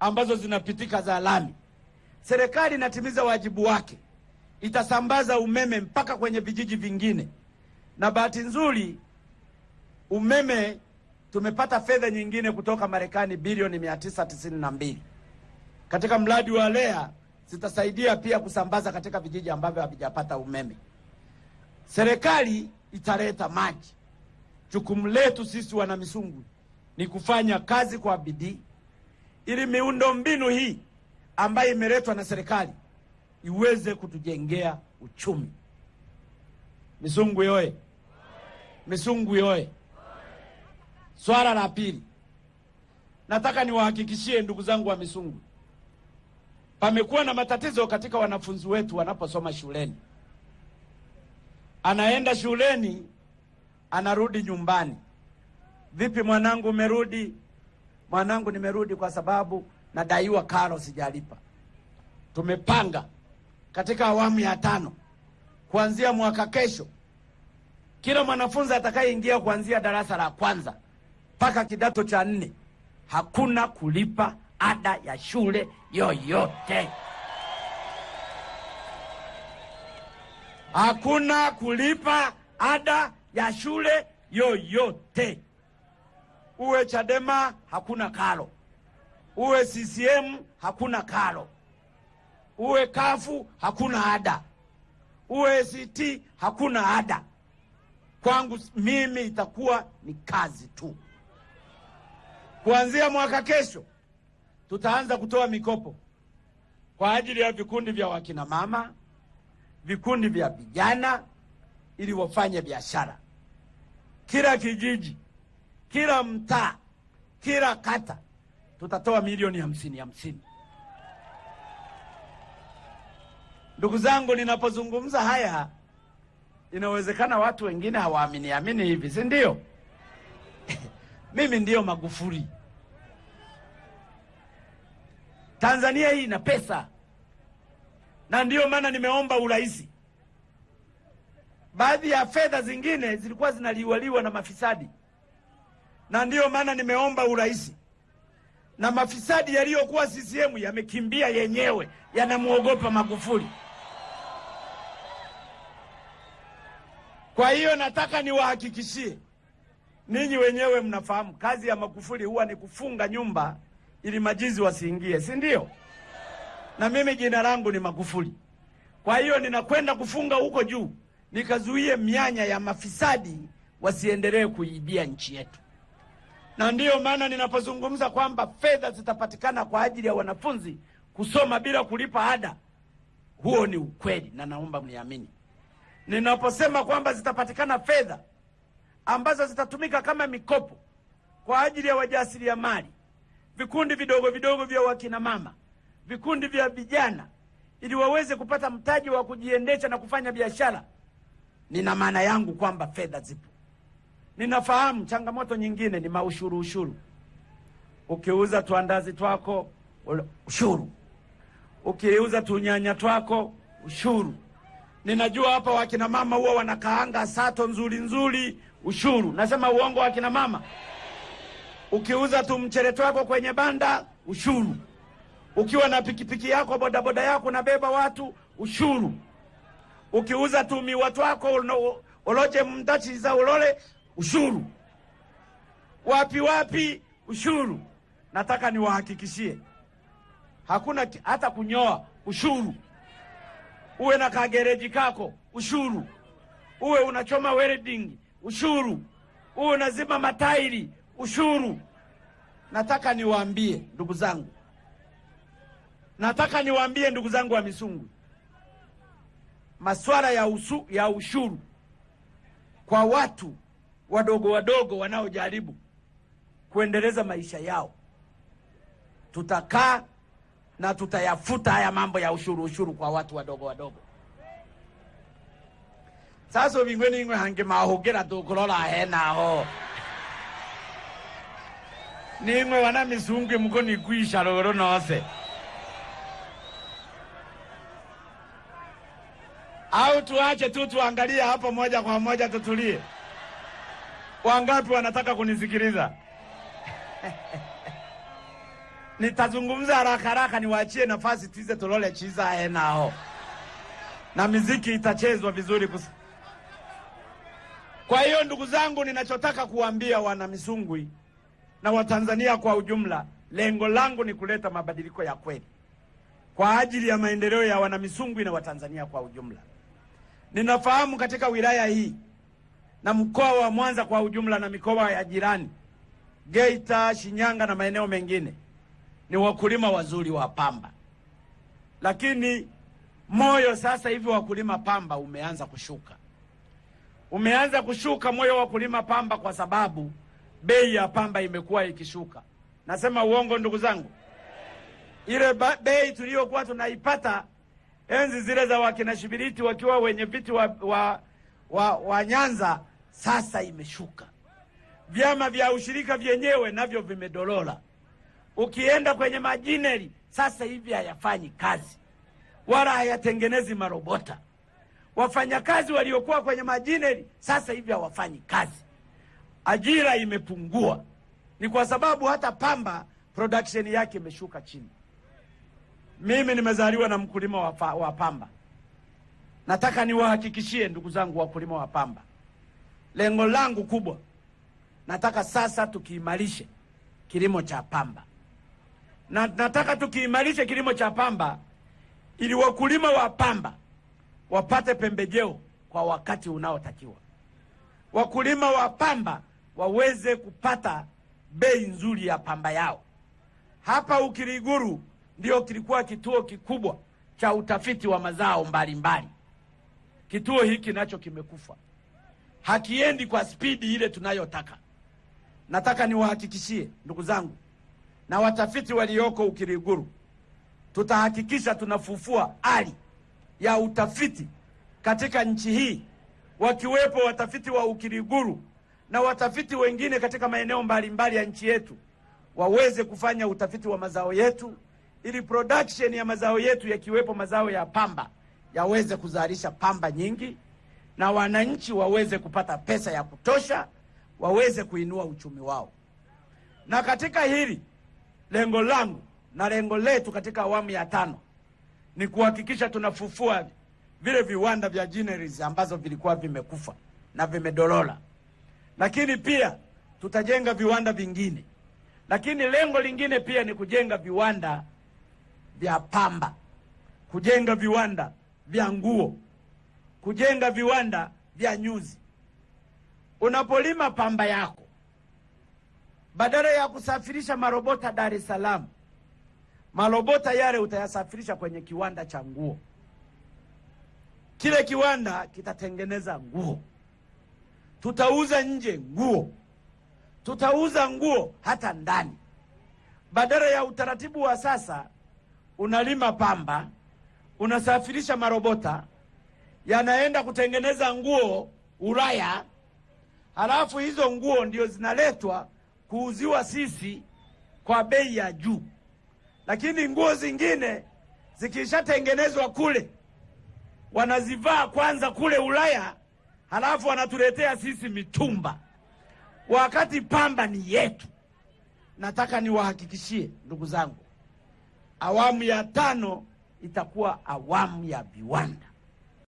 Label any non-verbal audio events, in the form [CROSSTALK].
ambazo zinapitika za lami. Serikali inatimiza wajibu wake, itasambaza umeme mpaka kwenye vijiji vingine. Na bahati nzuri umeme tumepata fedha nyingine kutoka Marekani bilioni mbili katika mradi wa REA zitasaidia pia kusambaza katika vijiji ambavyo havijapata umeme. Serikali italeta maji. Jukumu letu sisi wana Misungwi ni kufanya kazi kwa bidii ili miundo mbinu hii ambayo imeletwa na serikali iweze kutujengea uchumi. Misungwi oye! Misungwi oye! Swala la pili, nataka niwahakikishie ndugu zangu wa Misungwi, pamekuwa na matatizo katika wanafunzi wetu wanaposoma shuleni. Anaenda shuleni, anarudi nyumbani, vipi mwanangu, umerudi? mwanangu, nimerudi kwa sababu nadaiwa karo sijalipa. Tumepanga katika awamu ya tano kuanzia mwaka kesho, kila mwanafunzi atakayeingia kuanzia darasa la kwanza mpaka kidato cha nne hakuna kulipa ada ya shule yoyote, hakuna kulipa ada ya shule yoyote uwe Chadema hakuna kalo, uwe CCM hakuna kalo, uwe kafu hakuna ada, uwe ACT hakuna ada. Kwangu mimi itakuwa ni kazi tu. Kuanzia mwaka kesho, tutaanza kutoa mikopo kwa ajili ya vikundi vya wakinamama, vikundi vya vijana, ili wafanye biashara. Kila kijiji kila mtaa, kila kata tutatoa milioni hamsini hamsini. Ndugu zangu, ninapozungumza haya, inawezekana watu wengine hawaamini amini hivi, si ndio? [LAUGHS] Mimi ndiyo Magufuli. Tanzania hii ina pesa, na ndiyo maana nimeomba urais. Baadhi ya fedha zingine zilikuwa zinaliwaliwa na mafisadi na ndiyo maana nimeomba urais, na mafisadi yaliyokuwa CCM yamekimbia yenyewe, yanamwogopa Magufuli. Kwa hiyo nataka niwahakikishie ninyi wenyewe mnafahamu, kazi ya Magufuli huwa ni kufunga nyumba ili majizi wasiingie, si ndio? Na mimi jina langu ni Magufuli, kwa hiyo ninakwenda kufunga huko juu, nikazuie mianya ya mafisadi wasiendelee kuibia nchi yetu na ndiyo maana ninapozungumza kwamba fedha zitapatikana kwa ajili ya wanafunzi kusoma bila kulipa ada, huo ni ukweli, na naomba mniamini ninaposema kwamba zitapatikana fedha ambazo zitatumika kama mikopo kwa ajili ya wajasiriamali, vikundi vidogo vidogo vya wakinamama, vikundi vya vijana, ili waweze kupata mtaji wa kujiendesha na kufanya biashara, nina maana yangu kwamba fedha zipo. Ninafahamu changamoto nyingine ni maushuru, ushuru. Ukiuza tuandazi twako ushuru, ukiuza tunyanya twako ushuru. Ninajua hapa wakina mama huwa wanakaanga sato nzuri nzuri, ushuru. Nasema uongo wakina mama? Ukiuza tu mchele twako kwenye banda ushuru, ukiwa na pikipiki yako bodaboda yako unabeba watu ushuru, ukiuza tu miwa twako uloje mdachi za ulole ushuru, wapi wapi ushuru. Nataka niwahakikishie hakuna hata kunyoa, ushuru. Uwe na kagereji kako, ushuru. Uwe unachoma welding, ushuru. Uwe unazima matairi, ushuru. Nataka niwaambie ndugu zangu, nataka niwaambie ndugu zangu wa Misungwi, masuala ya, ya ushuru kwa watu wadogo wadogo wanaojaribu kuendeleza maisha yao. Tutakaa na tutayafuta haya mambo ya ushuru ushuru kwa watu wadogo wadogo sasa bingwe ningwe hange mahugera tukurora henaho ningwe wana misungwi muko nigwisha roro nose au tuache tu tuangalie hapo moja kwa moja tutulie Wangapi wanataka kunisikiliza? [LAUGHS] Nitazungumza haraka haraka, niwaachie nafasi tize tolole chiza enao na miziki itachezwa vizuri kus... Kwa hiyo ndugu zangu, ninachotaka kuambia wana Misungwi na Watanzania kwa ujumla, lengo langu ni kuleta mabadiliko ya kweli kwa ajili ya maendeleo ya wana Misungwi na Watanzania kwa ujumla. Ninafahamu katika wilaya hii na mkoa wa Mwanza kwa ujumla na mikoa ya jirani Geita, Shinyanga na maeneo mengine ni wakulima wazuri wa pamba, lakini moyo sasa hivi wakulima pamba umeanza kushuka, umeanza kushuka moyo wa wakulima pamba, kwa sababu bei ya pamba imekuwa ikishuka. Nasema uongo ndugu zangu? Ile bei tuliyokuwa tunaipata enzi zile za wakina Shibiriti wakiwa wenye viti wa, wa, wa Nyanza sasa imeshuka. Vyama vya ushirika vyenyewe navyo vimedolola Ukienda kwenye majineri sasa hivi hayafanyi kazi wala hayatengenezi marobota. Wafanyakazi waliokuwa kwenye majineri sasa hivi hawafanyi kazi, ajira imepungua. Ni kwa sababu hata pamba production yake imeshuka chini. Mimi nimezaliwa na mkulima wa pamba. Nataka niwahakikishie ndugu zangu wakulima wa pamba lengo langu kubwa, nataka sasa tukiimarishe kilimo cha pamba na nataka tukiimarishe kilimo cha pamba ili wakulima wa pamba wapate pembejeo kwa wakati unaotakiwa, wakulima wa pamba waweze kupata bei nzuri ya pamba yao. Hapa Ukiriguru ndio kilikuwa kituo kikubwa cha utafiti wa mazao mbalimbali mbali. Kituo hiki nacho kimekufa hakiendi kwa spidi ile tunayotaka. Nataka niwahakikishie ndugu zangu na watafiti walioko Ukiriguru, tutahakikisha tunafufua ari ya utafiti katika nchi hii, wakiwepo watafiti wa Ukiriguru na watafiti wengine katika maeneo mbalimbali ya nchi yetu, waweze kufanya utafiti wa mazao yetu, ili production ya mazao yetu, yakiwepo mazao ya pamba, yaweze kuzalisha pamba nyingi na wananchi waweze kupata pesa ya kutosha, waweze kuinua uchumi wao. Na katika hili lengo langu na lengo letu katika awamu ya tano ni kuhakikisha tunafufua vile viwanda vya jineris ambazo vilikuwa vimekufa na vimedolola lakini pia tutajenga viwanda vingine. Lakini lengo lingine pia ni kujenga viwanda vya pamba, kujenga viwanda vya nguo kujenga viwanda vya nyuzi. Unapolima pamba yako, badala ya kusafirisha marobota Dar es Salaam, marobota yale utayasafirisha kwenye kiwanda cha nguo. Kile kiwanda kitatengeneza nguo, tutauza nje nguo, tutauza nguo hata ndani. Badala ya utaratibu wa sasa, unalima pamba, unasafirisha marobota yanaenda kutengeneza nguo Ulaya, halafu hizo nguo ndio zinaletwa kuuziwa sisi kwa bei ya juu, lakini nguo zingine zikishatengenezwa kule wanazivaa kwanza kule Ulaya, halafu wanatuletea sisi mitumba, wakati pamba ni yetu. Nataka niwahakikishie ndugu zangu, awamu ya tano itakuwa awamu ya viwanda.